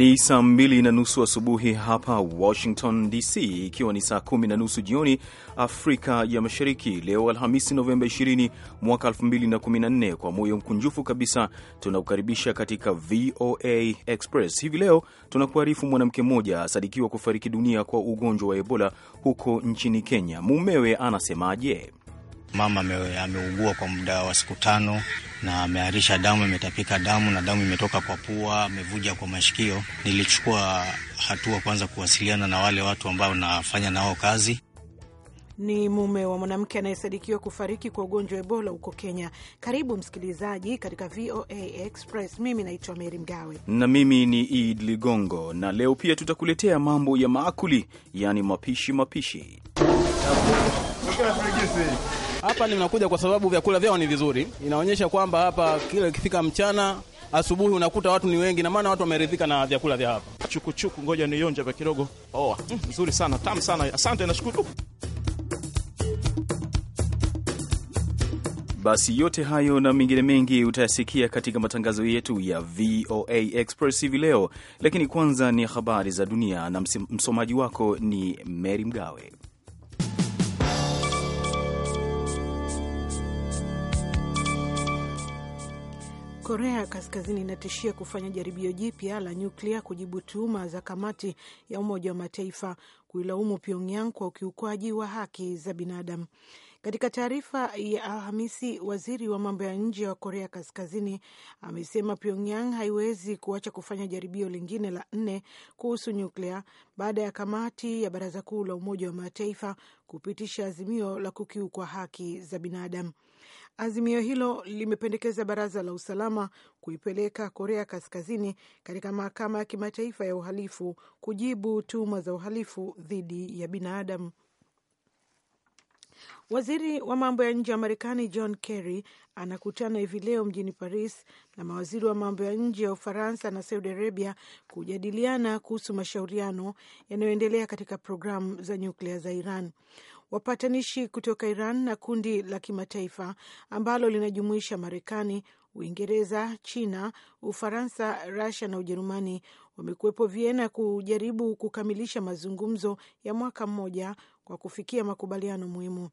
Ni saa mbili na nusu asubuhi hapa Washington DC, ikiwa ni saa kumi na nusu jioni Afrika ya Mashariki. Leo Alhamisi, Novemba 20 mwaka 2014, kwa moyo mkunjufu kabisa tunakukaribisha katika VOA Express. Hivi leo tunakuarifu, mwanamke mmoja asadikiwa kufariki dunia kwa ugonjwa wa Ebola huko nchini Kenya. Mumewe anasemaje? Mama ameugua kwa muda wa siku tano na ameharisha damu, imetapika damu na damu imetoka kwa pua, amevuja kwa mashikio. Nilichukua hatua kwanza kuwasiliana na wale watu ambao nafanya nao kazi. Ni mume wa mwanamke anayesadikiwa kufariki kwa ugonjwa wa Ebola huko Kenya. Karibu msikilizaji katika VOA Express. Mimi naitwa Meri Mgawe na mimi ni Id Ligongo, na leo pia tutakuletea mambo ya maakuli, yaani mapishi mapishi hapa ninakuja kwa sababu vyakula vyao ni vizuri, inaonyesha kwamba hapa kila ikifika mchana asubuhi unakuta watu ni wengi, na maana watu wameridhika na vyakula vya hapa. Chukuchuku, ngoja nionje hapa kidogo. Oh, nzuri sana, tamu sana, asante, nashukuru. Basi yote hayo na mengine mengi utayasikia katika matangazo yetu ya VOA Express hivi leo, lakini kwanza ni habari za dunia na msomaji wako ni Mary Mgawe. Korea Kaskazini inatishia kufanya jaribio jipya la nyuklia kujibu tuhuma za kamati ya Umoja wa Mataifa kuilaumu Pyongyang kwa ukiukwaji wa haki za binadamu. Katika taarifa ya Alhamisi, waziri wa mambo ya nje wa Korea Kaskazini amesema Pyongyang haiwezi kuacha kufanya jaribio lingine la nne kuhusu nyuklia baada ya kamati ya Baraza Kuu la Umoja wa Mataifa kupitisha azimio la kukiukwa haki za binadamu. Azimio hilo limependekeza baraza la usalama kuipeleka Korea Kaskazini katika mahakama ya kimataifa ya uhalifu kujibu tuhuma za uhalifu dhidi ya binadamu. Waziri wa mambo ya nje wa Marekani John Kerry anakutana hivi leo mjini Paris na mawaziri wa mambo ya nje ya Ufaransa na Saudi Arabia kujadiliana kuhusu mashauriano yanayoendelea katika programu za nyuklia za Iran wapatanishi kutoka Iran na kundi la kimataifa ambalo linajumuisha Marekani, Uingereza, China, Ufaransa, Rusia na Ujerumani wamekuwepo Viena kujaribu kukamilisha mazungumzo ya mwaka mmoja kwa kufikia makubaliano muhimu.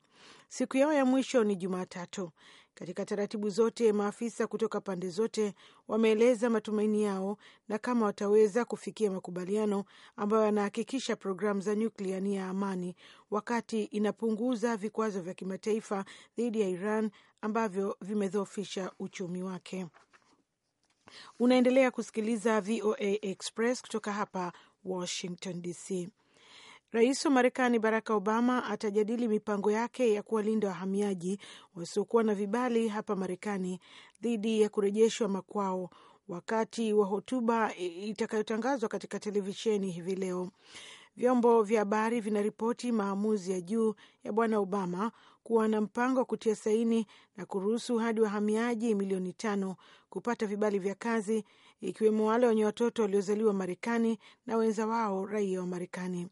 Siku yao ya mwisho ni Jumatatu. Katika taratibu zote, maafisa kutoka pande zote wameeleza matumaini yao na kama wataweza kufikia makubaliano ambayo yanahakikisha programu za nyuklia ni ya amani, wakati inapunguza vikwazo vya kimataifa dhidi ya Iran ambavyo vimedhoofisha uchumi wake. Unaendelea kusikiliza VOA Express kutoka hapa Washington DC. Rais wa Marekani Barack Obama atajadili mipango yake ya kuwalinda wahamiaji wasiokuwa na vibali hapa Marekani dhidi ya kurejeshwa makwao wakati wa hotuba itakayotangazwa katika televisheni hivi leo. Vyombo vya habari vinaripoti maamuzi ya juu ya Bwana Obama kuwa na mpango wa kutia saini na kuruhusu hadi wahamiaji milioni tano kupata vibali vya kazi, ikiwemo wale wenye watoto waliozaliwa Marekani na wenza wao raia wa Marekani.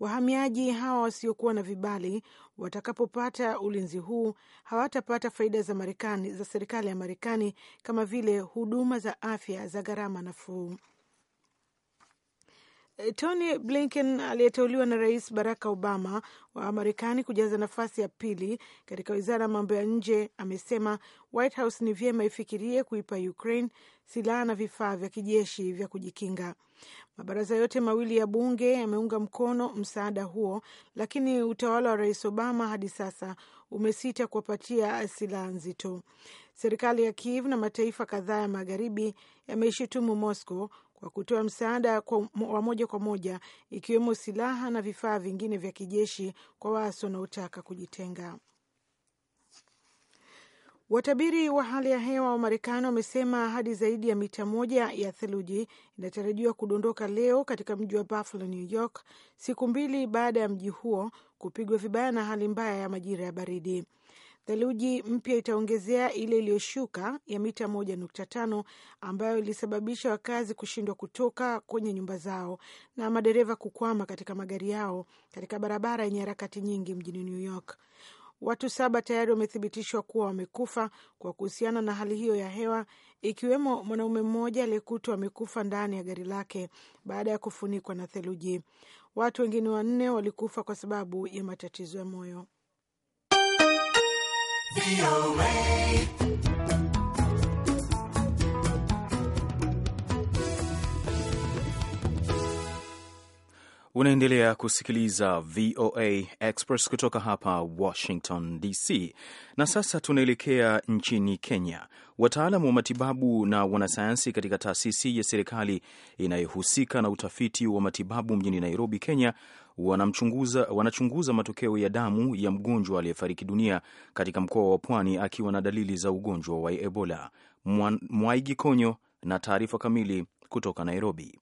Wahamiaji hawa wasiokuwa na vibali watakapopata ulinzi huu hawatapata faida za Marekani, za serikali ya Marekani kama vile huduma za afya za gharama nafuu. Eh, Tony Blinken aliyeteuliwa na Rais Barack Obama wa Marekani kujaza nafasi ya pili katika wizara ya mambo ya nje amesema White House ni vyema ifikirie kuipa Ukraine silaha na vifaa vya kijeshi vya kujikinga. Mabaraza yote mawili ya bunge yameunga mkono msaada huo, lakini utawala wa Rais Obama hadi sasa umesita kuwapatia silaha nzito. Serikali ya Kiev na mataifa kadhaa ya magharibi yameishutumu Moscow kwa kutoa msaada wa moja kwa moja ikiwemo silaha na vifaa vingine vya kijeshi kwa waasi wanaotaka kujitenga. Watabiri wa hali ya hewa wa Marekani wamesema hadi zaidi ya mita moja ya theluji inatarajiwa kudondoka leo katika mji wa Buffalo, New York, siku mbili baada ya mji huo kupigwa vibaya na hali mbaya ya majira ya baridi. Theluji mpya itaongezea ile iliyoshuka ya mita tano ambayo ilisababisha wakazi kushindwa kutoka kwenye nyumba zao na madereva kukwama katika magari yao katika barabara yenye harakati nyingi mjini New York. Watu saba tayari wamethibitishwa kuwa wamekufa kwa kuhusiana na hali hiyo ya hewa, ikiwemo mwanaume mmoja aliyekutwa amekufa ndani ya gari lake baada ya kufunikwa na theluji. Watu wengine wanne walikufa kwa sababu ya matatizo ya moyo. VOA. Unaendelea kusikiliza VOA Express kutoka hapa Washington DC, na sasa tunaelekea nchini Kenya. wataalam wa matibabu na wanasayansi katika taasisi ya serikali inayohusika na utafiti wa matibabu mjini Nairobi, Kenya, wanamchunguza wanachunguza matokeo ya damu ya mgonjwa aliyefariki dunia katika mkoa wa Pwani akiwa na dalili za ugonjwa wa Ebola. Mwaigi Konyo na taarifa kamili kutoka Nairobi.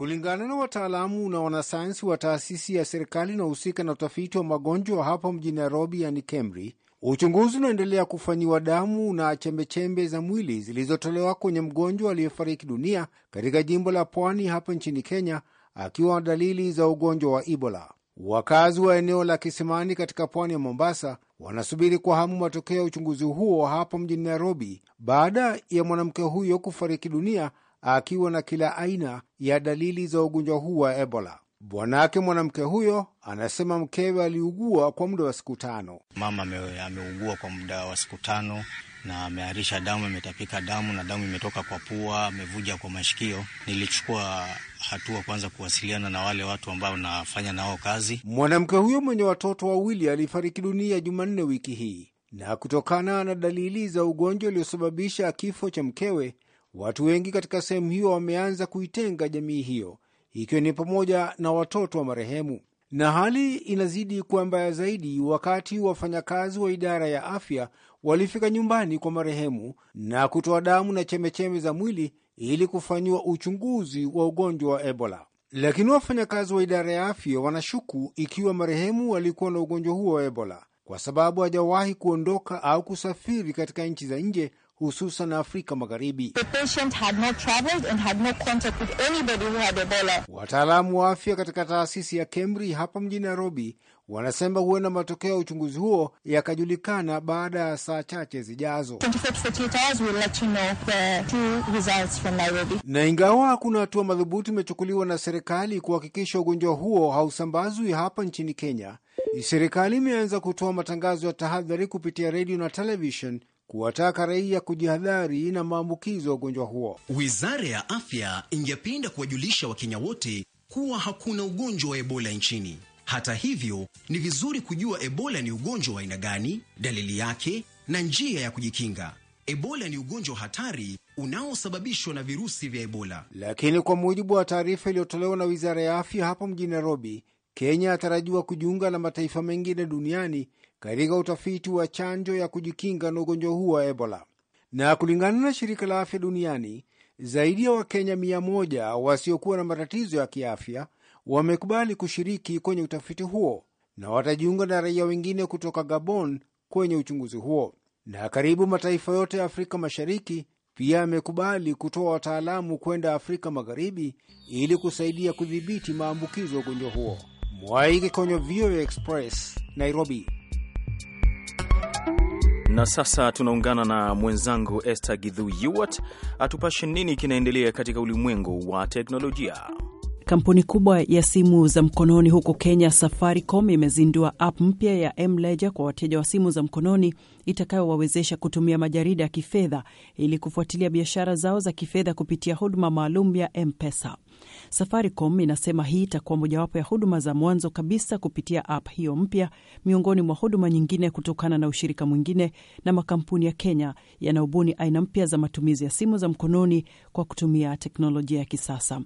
Kulingana na wataalamu na wanasayansi wa taasisi ya serikali inahusika na utafiti wa magonjwa hapo mjini Nairobi, yani KEMRI, uchunguzi unaendelea kufanyiwa damu na chembechembe za mwili zilizotolewa kwenye mgonjwa aliyefariki dunia katika jimbo la Pwani hapa nchini Kenya akiwa na dalili za ugonjwa wa Ebola. Wakazi wa eneo la Kisimani katika pwani ya Mombasa wanasubiri kwa hamu matokeo ya uchunguzi huo hapa mjini Nairobi baada ya mwanamke huyo kufariki dunia akiwa na kila aina ya dalili za ugonjwa huu wa Ebola. Bwanake mwanamke huyo anasema mkewe aliugua kwa muda wa siku tano. Mama ameugua kwa muda wa siku tano na ameharisha damu, imetapika damu na damu imetoka kwa pua, amevuja kwa mashikio. Nilichukua hatua kwanza kuwasiliana na wale watu ambao nafanya nao kazi. Mwanamke huyo mwenye watoto wawili alifariki dunia Jumanne wiki hii, na kutokana na dalili za ugonjwa uliosababisha kifo cha mkewe Watu wengi katika sehemu hiyo wameanza kuitenga jamii hiyo, ikiwa ni pamoja na watoto wa marehemu, na hali inazidi kuwa mbaya zaidi wakati wafanyakazi wa idara ya afya walifika nyumbani kwa marehemu na kutoa damu na chembechembe za mwili ili kufanyiwa uchunguzi wa ugonjwa wa Ebola. Lakini wafanyakazi wa idara ya afya wanashuku ikiwa marehemu alikuwa na ugonjwa huo wa Ebola kwa sababu hajawahi kuondoka au kusafiri katika nchi za nje hususan Afrika Magharibi. Wataalamu wa afya katika taasisi ya KEMRI hapa mjini Nairobi wanasema huenda matokeo ya uchunguzi huo yakajulikana baada ya saa chache zijazo. Na ingawa hakuna hatua madhubuti imechukuliwa na serikali kuhakikisha ugonjwa huo hausambazwi hapa nchini Kenya, serikali imeanza kutoa matangazo ya tahadhari kupitia redio na television kuwataka raia kujihadhari na maambukizo ya ugonjwa huo. Wizara ya Afya ingependa kuwajulisha Wakenya wote kuwa hakuna ugonjwa wa Ebola nchini. Hata hivyo, ni vizuri kujua Ebola ni ugonjwa wa aina gani, dalili yake na njia ya kujikinga. Ebola ni ugonjwa hatari unaosababishwa na virusi vya Ebola. Lakini kwa mujibu wa taarifa iliyotolewa na wizara ya afya hapo mjini Nairobi, Kenya atarajiwa kujiunga na mataifa mengine duniani katika utafiti wa chanjo ya kujikinga na ugonjwa huu wa Ebola. Na kulingana na shirika la afya duniani, zaidi ya Wakenya mia moja wasiokuwa na matatizo ya kiafya wamekubali kushiriki kwenye utafiti huo na watajiunga na raia wengine kutoka Gabon kwenye uchunguzi huo. Na karibu mataifa yote ya Afrika Mashariki pia yamekubali kutoa wataalamu kwenda Afrika Magharibi ili kusaidia kudhibiti maambukizo ya ugonjwa huo. Mwaiki kwenye VOA Express, Nairobi. Na sasa tunaungana na mwenzangu Esther Gidhu Yuwat atupashe nini kinaendelea katika ulimwengu wa teknolojia. Kampuni kubwa ya simu za mkononi huko Kenya, Safaricom, imezindua app mpya ya mLedger kwa wateja wa simu za mkononi itakayowawezesha kutumia majarida ya kifedha ili kufuatilia biashara zao za kifedha kupitia huduma maalum ya M-Pesa. Safaricom inasema hii itakuwa mojawapo ya huduma za mwanzo kabisa kupitia app hiyo mpya, miongoni mwa huduma nyingine kutokana na ushirika mwingine na makampuni ya Kenya yanayobuni aina mpya za matumizi ya simu za mkononi kwa kutumia teknolojia ya kisasa.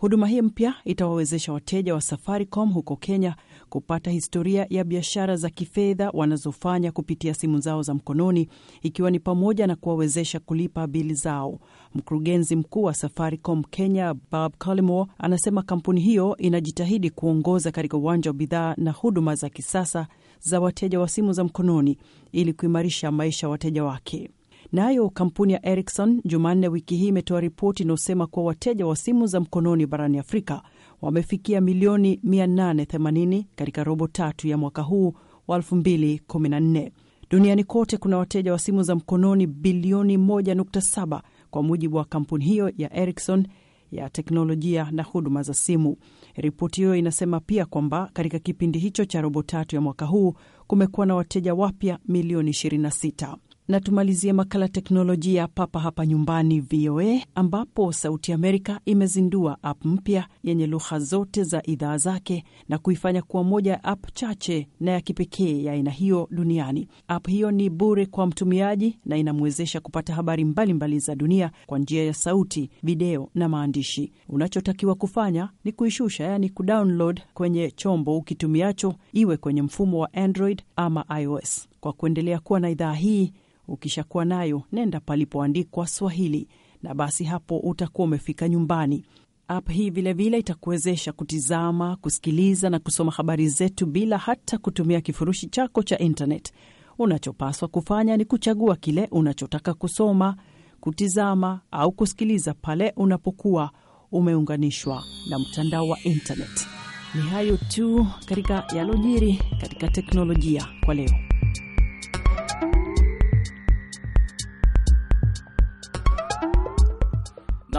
Huduma hii mpya itawawezesha wateja wa Safaricom huko Kenya kupata historia ya biashara za kifedha wanazofanya kupitia simu zao za mkononi, ikiwa ni pamoja na kuwawezesha kulipa bili zao. Mkurugenzi mkuu wa Safaricom Kenya, Bob Collymore, anasema kampuni hiyo inajitahidi kuongoza katika uwanja wa bidhaa na huduma za kisasa za wateja wa simu za mkononi ili kuimarisha maisha ya wateja wake. Nayo na kampuni ya Ericsson Jumanne wiki hii imetoa ripoti inayosema kuwa wateja wa simu za mkononi barani Afrika wamefikia milioni 880 katika robo tatu ya mwaka huu wa 2014. Duniani kote kuna wateja wa simu za mkononi bilioni 1.7 kwa mujibu wa kampuni hiyo ya Ericsson ya teknolojia na huduma za simu. Ripoti hiyo inasema pia kwamba katika kipindi hicho cha robo tatu ya mwaka huu kumekuwa na wateja wapya milioni 26 na tumalizie makala teknolojia papa hapa nyumbani VOA, ambapo Sauti Amerika imezindua app mpya yenye lugha zote za idhaa zake na kuifanya kuwa moja ya app chache na ya kipekee ya aina hiyo duniani. App hiyo ni bure kwa mtumiaji na inamwezesha kupata habari mbalimbali mbali za dunia kwa njia ya sauti, video na maandishi. Unachotakiwa kufanya ni kuishusha, yaani kudownload kwenye chombo ukitumiacho, iwe kwenye mfumo wa Android ama iOS kwa kuendelea kuwa na idhaa hii. Ukishakuwa nayo nenda palipoandikwa Swahili na basi hapo utakuwa umefika nyumbani. App hii vilevile itakuwezesha kutizama, kusikiliza na kusoma habari zetu bila hata kutumia kifurushi chako cha internet. Unachopaswa kufanya ni kuchagua kile unachotaka kusoma, kutizama au kusikiliza pale unapokuwa umeunganishwa na mtandao wa internet. Ni hayo tu katika yalojiri katika teknolojia kwa leo.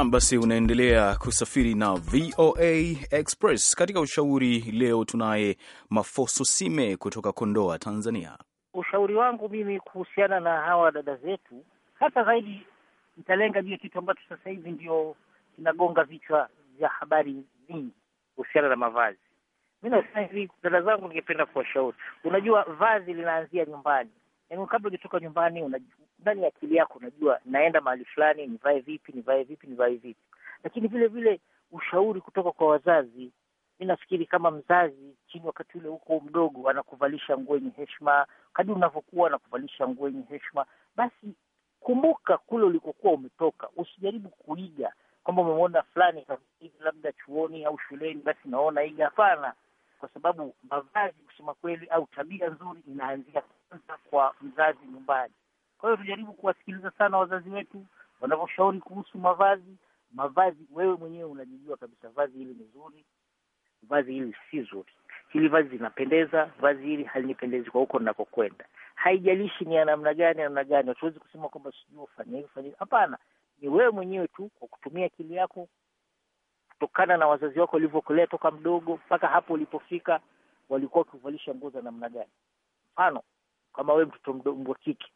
Nam, basi unaendelea kusafiri na VOA Express. Katika ushauri leo tunaye Mafoso Sime kutoka Kondoa, Tanzania. Ushauri wangu mimi kuhusiana na hawa dada zetu, hasa zaidi nitalenga juu ya kitu ambacho sasa hivi ndio kinagonga vichwa vya habari vingi kuhusiana na mavazi. Mi nasema hivi, dada zangu, ningependa kuwashauri. Unajua, vazi linaanzia nyumbani, yaani kabla ukitoka nyumbani ndani ya akili yako unajua naenda mahali fulani, nivae vipi, nivae vipi, nivae vipi. Lakini vile vile ushauri kutoka kwa wazazi, mi nafikiri kama mzazi chini, wakati ule huko mdogo, anakuvalisha nguo yenye heshma kadi unavyokuwa anakuvalisha nguo yenye heshma basi kumbuka kule ulikokuwa umetoka, usijaribu kuiga kwamba umemwona fulani labda chuoni au shuleni, basi naona iga. Hapana, kwa sababu mavazi, kusema kweli, au tabia nzuri inaanzia kwanza kwa mzazi nyumbani. Kwa hiyo tujaribu kuwasikiliza sana wazazi wetu wanavyoshauri kuhusu mavazi. Mavazi wewe mwenyewe unajijua kabisa, vazi hili ni zuri, vazi hili si zuri, hili vazi linapendeza, vazi hili halinipendezi kwa huko ninakokwenda. Haijalishi ni ya namna gani, namna gani. Hatuwezi kusema kwamba sijui ufanye hivi, fanye Hapana, ni wewe mwenyewe tu kwa kutumia akili yako kutokana na wazazi wako walivyokulea toka mdogo mpaka hapo ulipofika, walikuwa wakiuvalisha nguo za namna gani. Mfano, kama wewe mtoto mdogo wa kike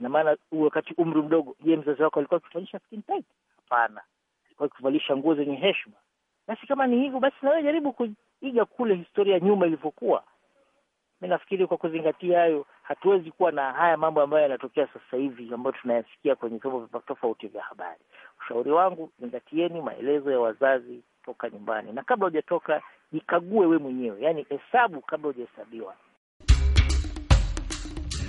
ina maana wakati umri mdogo. Je, mzazi wako alikuwa akikuvalisha skin tight? Hapana, alikuwa akikuvalisha nguo zenye heshima. Basi kama ni hivyo, basi nawe jaribu kuiga kule historia nyuma ilivyokuwa. Mi nafikiri kwa kuzingatia hayo, hatuwezi kuwa na haya mambo ambayo yanatokea sasa hivi ambayo tunayasikia kwenye vyombo tofauti vya habari. Ushauri wangu, zingatieni maelezo ya wazazi toka nyumbani, na kabla hujatoka jikague we mwenyewe, yaani hesabu kabla hujahesabiwa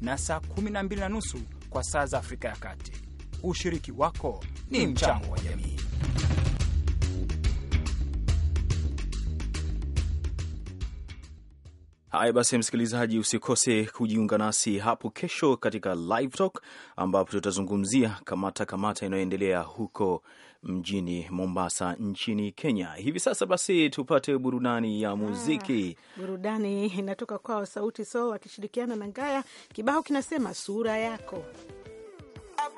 na saa 12 na nusu kwa saa za Afrika ya Kati. Ushiriki wako ni mchango wa jamii. Haya basi, msikilizaji, usikose kujiunga nasi hapo kesho katika Live Talk ambapo tutazungumzia kamata kamata inayoendelea huko mjini Mombasa nchini Kenya hivi sasa. Basi tupate burudani ya ah, muziki. Ah, burudani inatoka kwao Sauti so akishirikiana na Ngaya. Kibao kinasema sura yako I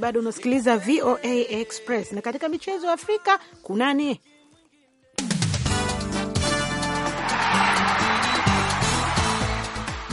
bado unasikiliza VOA Express na katika michezo ya Afrika kunani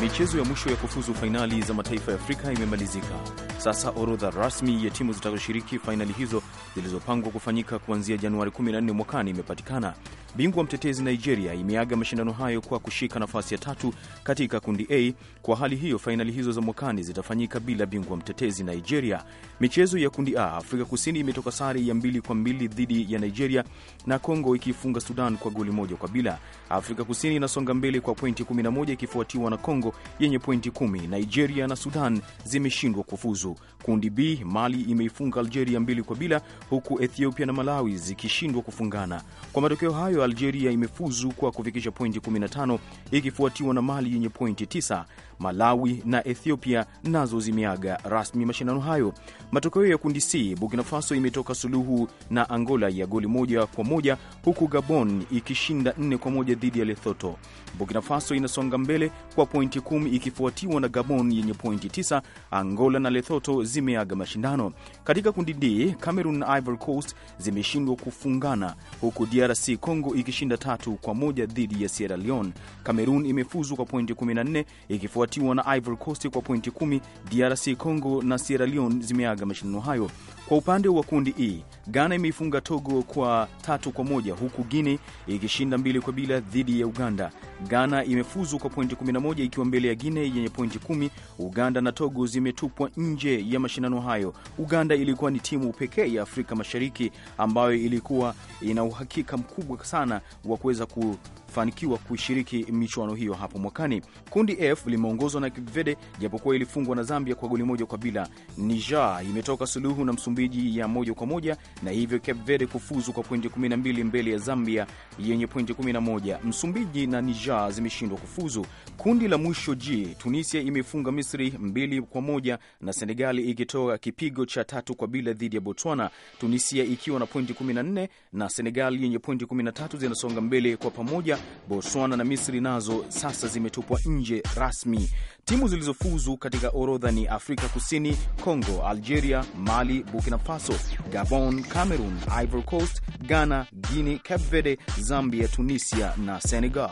Michezo ya mwisho ya kufuzu fainali za mataifa ya Afrika imemalizika. Sasa orodha rasmi ya timu zitakazoshiriki fainali hizo zilizopangwa kufanyika kuanzia Januari 14 mwakani imepatikana. Bingwa mtetezi Nigeria imeaga mashindano hayo kwa kushika nafasi ya tatu katika kundi A. Kwa hali hiyo, fainali hizo za mwakani zitafanyika bila bingwa mtetezi Nigeria. Michezo ya kundi A, Afrika Kusini imetoka sare ya mbili kwa mbili dhidi ya Nigeria na Kongo ikiifunga Sudan kwa goli moja kwa bila. Afrika Kusini inasonga mbele kwa pointi 11 ikifuatiwa na Kongo yenye pointi 10. Nigeria na Sudan zimeshindwa kufuzu. Kundi B, Mali imeifunga Algeria mbili kwa bila, huku Ethiopia na Malawi zikishindwa kufungana. Kwa matokeo hayo hayo Algeria imefuzu kwa kufikisha pointi 15 ikifuatiwa na Mali yenye pointi 9 Malawi na Ethiopia nazo zimeaga rasmi mashindano hayo. Matokeo ya kundi C, Burkina Faso imetoka suluhu na Angola ya goli moja kwa moja huku Gabon ikishinda nne kwa moja dhidi ya Lesotho. Burkina Faso inasonga mbele kwa pointi kumi ikifuatiwa na Gabon yenye pointi tisa. Angola na Lesotho zimeaga mashindano. Katika kundi D, Cameroon na Ivory Coast zimeshindwa kufungana huku DRC Congo ikishinda tatu kwa moja dhidi ya Sierra Leone. Cameroon imefuzu kwa pointi 14 ikifuatiwa ikifuatiwa na Ivory Coast kwa pointi kumi. DRC Congo na Sierra Leone zimeaga mashindano hayo. Kwa upande wa kundi E, Ghana imeifunga Togo kwa tatu kwa moja huku guine ikishinda mbili kwa bila dhidi ya Uganda. Ghana imefuzu kwa pointi 11 ikiwa mbele ya Guine yenye pointi kumi. Uganda na Togo zimetupwa nje ya mashindano hayo. Uganda ilikuwa ni timu pekee ya Afrika Mashariki ambayo ilikuwa ina uhakika mkubwa sana wa kuweza ku kufanikiwa kuishiriki michuano hiyo hapo mwakani. Kundi F limeongozwa na Cape Verde japokuwa ilifungwa na Zambia kwa goli moja kwa bila. Niger imetoka suluhu na Msumbiji ya moja kwa moja na hivyo Cape Verde kufuzu kwa pointi 12 mbele ya Zambia yenye pointi 11. Msumbiji na Niger zimeshindwa kufuzu. Kundi la mwisho G, Tunisia imefunga Misri mbili kwa moja na Senegali ikitoa kipigo cha tatu kwa bila dhidi ya Botswana, Tunisia ikiwa na pointi 14 na Senegali yenye pointi 13 zinasonga mbele kwa pamoja Botswana na Misri nazo sasa zimetupwa nje rasmi. Timu zilizofuzu katika orodha ni Afrika Kusini, Congo, Algeria, Mali, Burkina Faso, Gabon, Cameroon, Ivory Coast, Ghana, Guinea, Cape Verde, Zambia, Tunisia na Senegal.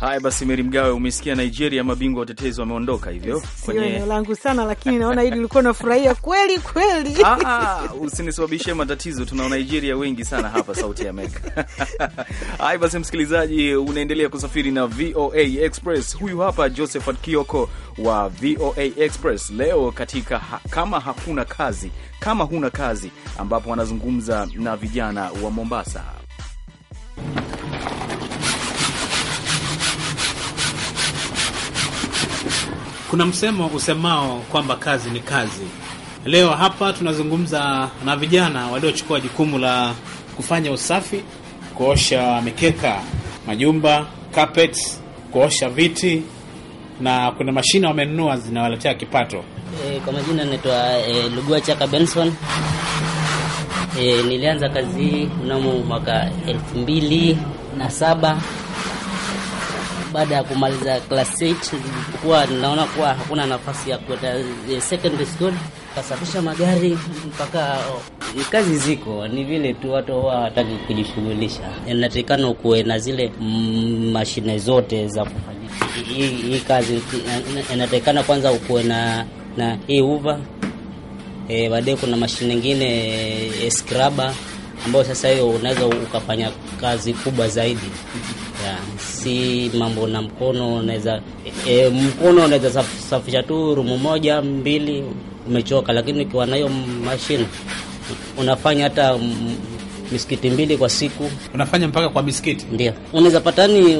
Haya basi, Meri Mgawe, umesikia Nigeria mabingwa watetezi wameondoka, hivyo kwenye eneo langu sana, lakini naona hili ulikuwa unafurahia kweli kweli. Ah, ah, usinisababishie matatizo, tuna Nigeria wengi sana hapa Sauti ya Amerika. Haya basi, msikilizaji, unaendelea kusafiri na VOA Express. Huyu hapa Josephat Kioko wa VOA Express leo katika ha kama hakuna kazi, kama huna kazi, ambapo anazungumza na vijana wa Mombasa. Kuna msemo usemao kwamba kazi ni kazi. Leo hapa tunazungumza na vijana waliochukua jukumu la kufanya usafi, kuosha mikeka, majumba, carpets, kuosha viti na kuna mashine wamenunua zinawaletea kipato. E, kwa majina naitwa e, Lugua Chaka Benson. E, nilianza kazi hii mnamo mwaka elfu mbili na saba baada ya kumaliza class 8 kuwa naona kuwa hakuna nafasi ya kwenda eh, secondary school, kasafisha magari mpaka oh. kazi ziko ni vile tu watu huwa hawataki kujishughulisha. Inatakikana kuwe na zile mashine zote za kufanya hii kazi. Inatakikana kwanza ukuwe na na hii uva e, baadaye kuna mashine nyingine e, eh, skraba ambayo sasa hiyo unaweza ukafanya kazi kubwa zaidi yeah. Si mambo na mkono unaweza e, mkono unaweza safisha tu rumu moja mbili, umechoka, lakini ukiwa na hiyo mashine unafanya hata misikiti mbili kwa siku unafanya mpaka kwa misikiti ndio unaweza patani.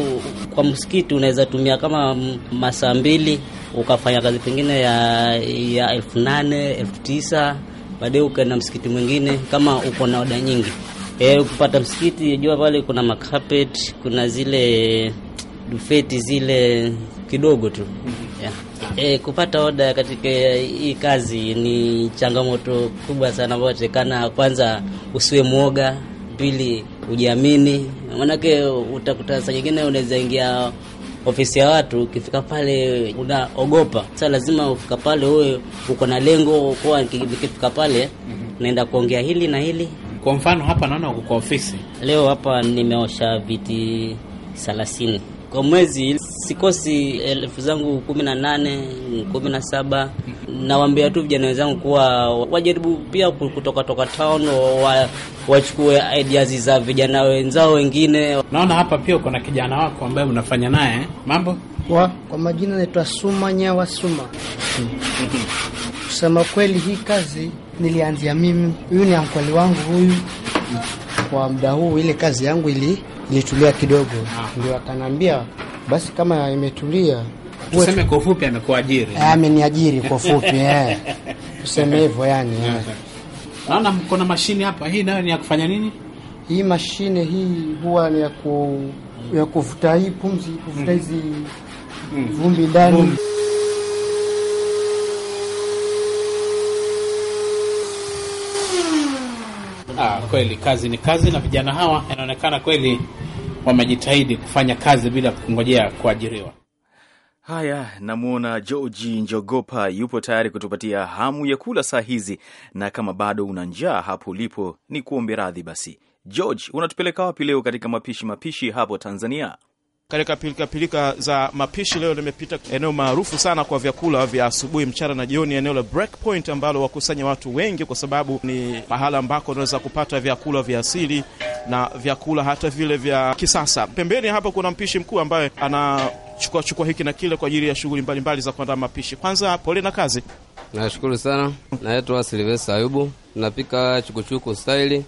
Kwa msikiti unaweza tumia kama masaa mbili ukafanya kazi pengine ya, ya elfu nane elfu tisa baadaye ukaenda msikiti mwingine kama uko na oda nyingi. E, eh, kupata msikiti jua pale kuna makapeti, kuna zile dufeti zile kidogo tu yeah. E, kupata oda katika hii kazi ni changamoto kubwa sana wote kana, kwanza usiwe mwoga, pili ujiamini, manake utakuta saa nyingine unaweza ingia ofisi ya watu, ukifika pale unaogopa. Sasa lazima ufika pale uwe uko na lengo kuwa, nikifika pale mhm. naenda kuongea hili na hili kwa mfano hapa naona uko kwa ofisi leo, hapa nimeosha viti thelathini kwa mwezi, sikosi elfu zangu kumi na nane kumi na saba Nawaambia tu vijana wenzangu kuwa wajaribu pia kutoka toka town wa, wachukue ideas za vijana wenzao wengine. Naona hapa pia uko na kijana wako ambaye unafanya naye eh? mambo wa, kwa majina naitwa Suma Nyawa Suma. Hmm. Kusema kweli hii kazi nilianzia mimi. Huyu ni ankoli wangu huyu. Kwa muda huu ile kazi yangu ili ilitulia kidogo, ah. ndio akanambia basi kama imetulia tuseme kwa ufupi, amekuajiri eh, ameniajiri kwa ufupi, eh. tuseme hivyo yani. Eh. Naona mko na mashine hapa, hii nayo ni ya kufanya nini? Hii mashine hii huwa ni ya ku ya kuvuta hii pumzi, kuvuta mm. hizi mm. vumbi ndani. kweli kazi ni kazi, na vijana hawa inaonekana kweli wamejitahidi kufanya kazi bila kungojea kuajiriwa. Haya, namwona Georgi Njogopa yupo tayari kutupatia hamu ya kula saa hizi, na kama bado una njaa hapo ulipo, ni kuombe radhi basi. George, unatupeleka wapi leo katika mapishi mapishi hapo Tanzania? Katika pilikapilika za mapishi leo nimepita eneo maarufu sana kwa vyakula vya asubuhi, mchana na jioni, eneo la Breakpoint ambalo wakusanya watu wengi, kwa sababu ni mahala ambako unaweza kupata vyakula vya asili na vyakula hata vile vya kisasa. Pembeni hapa kuna mpishi mkuu ambaye anachukua chukua hiki na kile kwa ajili ya shughuli mbalimbali za kuandaa mapishi. Kwanza pole na kazi. Nashukuru sana. Naitwa Silvesta Ayubu, napika chukuchuku staili.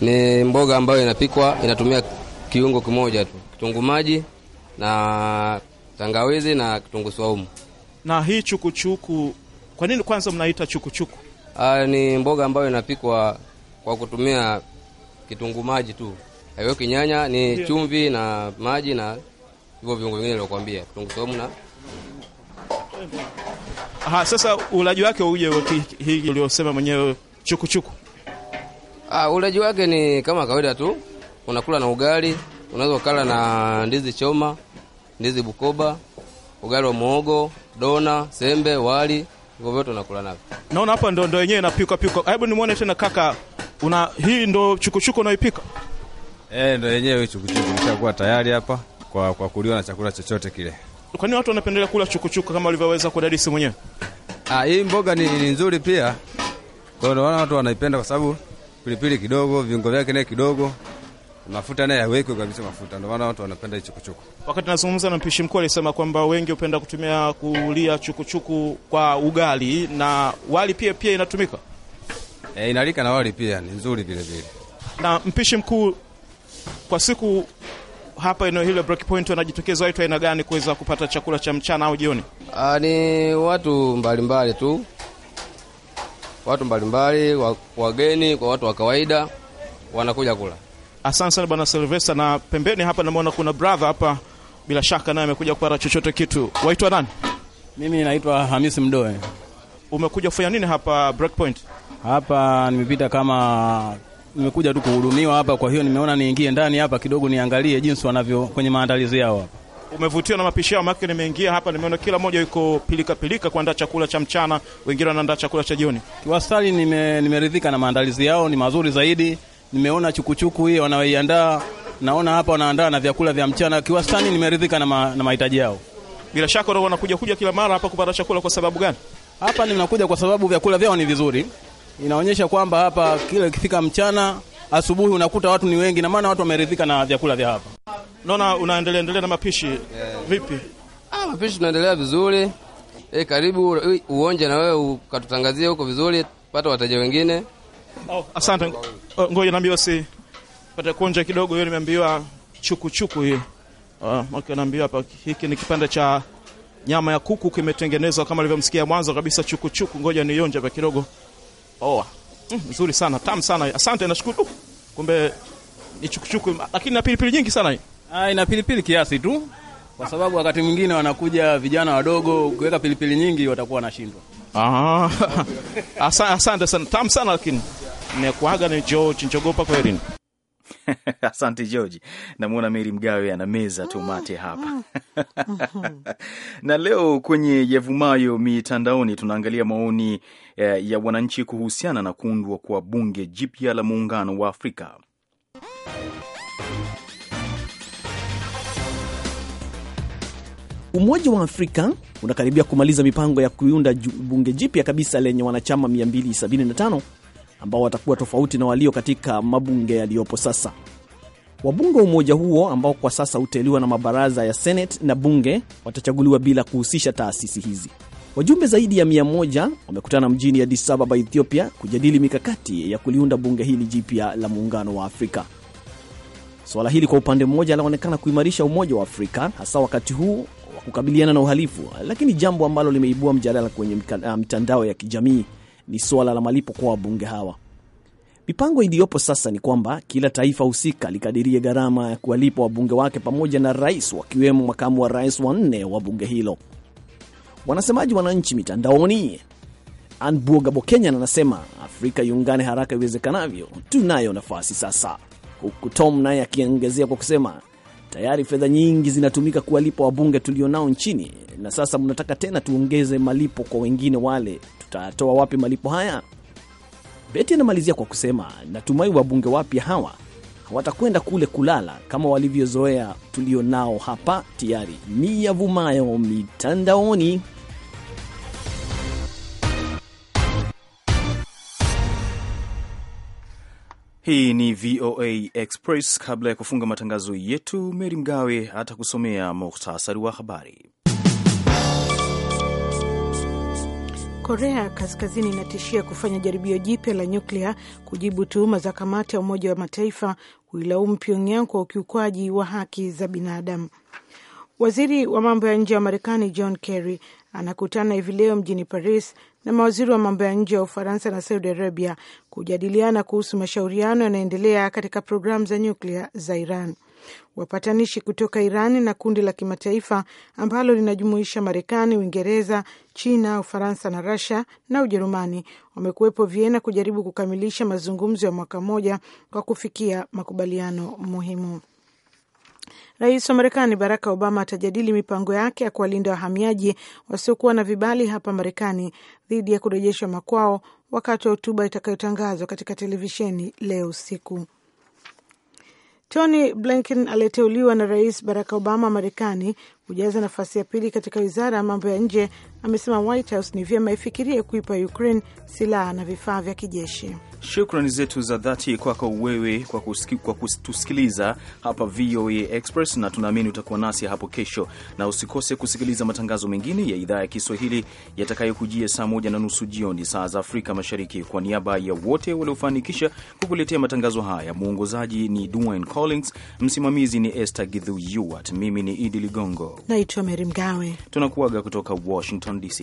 Ni mboga ambayo inapikwa inatumia kiungo kimoja tu, kitunguu maji na tangawizi na kitunguu saumu. Na hii chukuchuku, kwa nini kwanza mnaita chukuchuku? Aa, ah, ni mboga ambayo inapikwa kwa kutumia kitunguu maji tu, haiweki nyanya, ni yeah, chumvi na maji na hivyo viungo vingine nilivyokuambia, kitunguu saumu na Aha, sasa ulaji wake uje hii uliosema mwenyewe chukuchuku. Ah, ulaji wake ni kama kawaida tu, unakula na ugali Unaweza ukala na ndizi choma, ndizi Bukoba, ugali wa muhogo, dona, sembe, wali, hivyo vyote unakula navyo. Naona hapa ndo ndo yenyewe inapikwa pikwa. Hebu nimwone tena kaka, una hii ndo chukuchuku unaipika? Eh, ndo yenyewe chukuchuku ishakuwa tayari hapa kwa, kwa kuliwa na chakula chochote kile. Kwa nini watu wanapendelea kula chukuchuku kama walivyoweza kudadisi mwenyewe? Ah, hii mboga ni, ni nzuri pia. Kwa hiyo watu wanaipenda kwa sababu pilipili kidogo, viungo vyake naye kidogo mafuta naye yawekwe kabisa mafuta, ndio maana watu wanapenda chukuchuku. Wakati nazungumza na mpishi mkuu, alisema kwamba wengi hupenda kutumia kulia chukuchuku kwa ugali na wali pia pia inatumika e, inalika na wali pia ni nzuri vile vile. Na mpishi mkuu, kwa siku hapa eneo hili la Break Point wanajitokeza watu aina gani kuweza kupata chakula cha mchana au jioni? ni watu mbalimbali mbali tu, watu mbalimbali mbali, wageni kwa watu wa kawaida wanakuja kula Asante sana bwana Silvesta, na pembeni hapa namwona kuna brother hapa, bila shaka naye amekuja kupata chochote kitu. Waitwa nani? Mimi naitwa Hamisi Mdoe. Umekuja kufanya nini hapa Breakpoint? Hapa nimepita kama nimekuja tu kuhudumiwa hapa, kwa hiyo nimeona niingie ndani hapa kidogo niangalie jinsi wanavyo kwenye maandalizi yao hapa. Umevutiwa na mapishi yao? Maana nimeingia hapa nimeona kila mmoja yuko pilika pilika kuandaa chakula cha mchana, wengine wanaandaa chakula cha jioni. Kiwastani nimeridhika na maandalizi yao, ni mazuri zaidi nimeona chukuchuku hii wanaoiandaa, naona hapa wanaandaa na vyakula vya mchana. Kiwastani nimeridhika na, ma, na mahitaji yao. Bila shaka wanakuja kuja kila mara hapa kupata chakula kwa sababu gani? Hapa ninakuja kwa sababu vyakula vyao ni vizuri, inaonyesha kwamba hapa kila ikifika mchana, asubuhi unakuta watu ni wengi, na maana watu wameridhika na vyakula vya hapa. Naona unaendelea endelea na mapishi yeah. Vipi? Ah, mapishi tunaendelea vizuri. E, karibu uonje na wewe ukatutangazie huko vizuri, pata wateja wengine. Oh, asante. Oh, ngoja naambiwa si pata kuonja kidogo, hiyo nimeambiwa chuku chuku hiyo. Ah, okay, naambiwa hapa hiki ni kipande cha nyama ya kuku kimetengenezwa kama alivyomsikia mwanzo kabisa chuku chuku. Ngoja nionje hapa kidogo. Oh, mm, nzuri mm, sana, tamu sana. Asante, na shukuru. kumbe ni chuku chuku lakini na pilipili nyingi sana hii. Ah, ina pilipili kiasi tu. Kwa sababu wakati mwingine wanakuja vijana wadogo, ukiweka pilipili nyingi watakuwa wanashindwa. Ah, asante sana, tamu sana lakini nekuaga ni George Njogopa Kwerin. Asante George, namwona Meri Mgawe ana meza tumate mm, hapa mm. na leo kwenye yavumayo mitandaoni tunaangalia maoni eh, ya wananchi kuhusiana na kuundwa kwa bunge jipya la muungano wa Afrika. Umoja wa Afrika unakaribia kumaliza mipango ya kuiunda bunge jipya kabisa lenye wanachama 275 ambao watakuwa tofauti na walio katika mabunge yaliyopo sasa. Wabunge wa umoja huo ambao kwa sasa huteuliwa na mabaraza ya Senate na bunge watachaguliwa bila kuhusisha taasisi hizi. Wajumbe zaidi ya mia moja wamekutana mjini Addis Ababa, Ethiopia, kujadili mikakati ya kuliunda bunge hili jipya la muungano wa Afrika. Suala hili kwa upande mmoja anaonekana kuimarisha umoja wa Afrika hasa wakati huu wa kukabiliana na uhalifu, lakini jambo ambalo limeibua mjadala kwenye mitandao ya kijamii ni suala la malipo kwa wabunge hawa. Mipango iliyopo sasa ni kwamba kila taifa husika likadirie gharama ya kuwalipa wabunge wake pamoja na rais, wakiwemo makamu wa rais wanne wa bunge hilo. Wanasemaji wananchi mitandaoni? Anbuoga Bokenyan anasema Afrika iungane haraka iwezekanavyo, tunayo nafasi sasa, huku Tom naye akiongezea kwa kusema tayari fedha nyingi zinatumika kuwalipa wabunge tulionao nchini, na sasa mnataka tena tuongeze malipo kwa wengine wale Tutatoa wapi malipo haya? Beti anamalizia kwa kusema, natumai wabunge wapya hawa watakwenda kule kulala kama walivyozoea tulio nao hapa tayari. Ni yavumayo mitandaoni. Hii ni VOA Express. Kabla ya kufunga matangazo yetu, Meri Mgawe atakusomea muhtasari wa habari. Korea Kaskazini inatishia kufanya jaribio jipya la nyuklia kujibu tuhuma za kamati ya Umoja wa Mataifa kuilaumu Pyongyang kwa ukiukwaji wa haki za binadamu. Waziri wa mambo ya nje wa Marekani John Kerry anakutana hivi leo mjini Paris na mawaziri wa mambo ya nje wa Ufaransa na Saudi Arabia kujadiliana kuhusu mashauriano yanayoendelea katika programu za nyuklia za Iran. Wapatanishi kutoka Iran na kundi la kimataifa ambalo linajumuisha Marekani, Uingereza, China, Ufaransa na rasia na Ujerumani wamekuwepo viena kujaribu kukamilisha mazungumzo ya mwaka mmoja kwa kufikia makubaliano muhimu. Rais wa Marekani Barack Obama atajadili mipango yake ya kuwalinda wahamiaji wasiokuwa na vibali hapa Marekani dhidi ya kurejeshwa makwao wakati wa hotuba itakayotangazwa katika televisheni leo usiku. Tony Blinken aliyeteuliwa na Rais Barack Obama wa Marekani kujaza nafasi ya pili katika wizara ya mambo ya nje amesema White House ni vyema ifikirie kuipa Ukraine silaha na vifaa vya kijeshi. Shukrani zetu za dhati kwako wewe kwa, kwa kutusikiliza hapa VOA Express, na tunaamini utakuwa nasi hapo kesho, na usikose kusikiliza matangazo mengine ya idhaa ya Kiswahili yatakayokujia saa moja na nusu jioni saa za Afrika Mashariki. Kwa niaba ya wote waliofanikisha kukuletea matangazo haya, mwongozaji ni Dwayne Collins, msimamizi ni Esther Githu mimi ni Idi Ligongo, naitwa Meri Mgawe, tunakuaga kutoka Washington DC.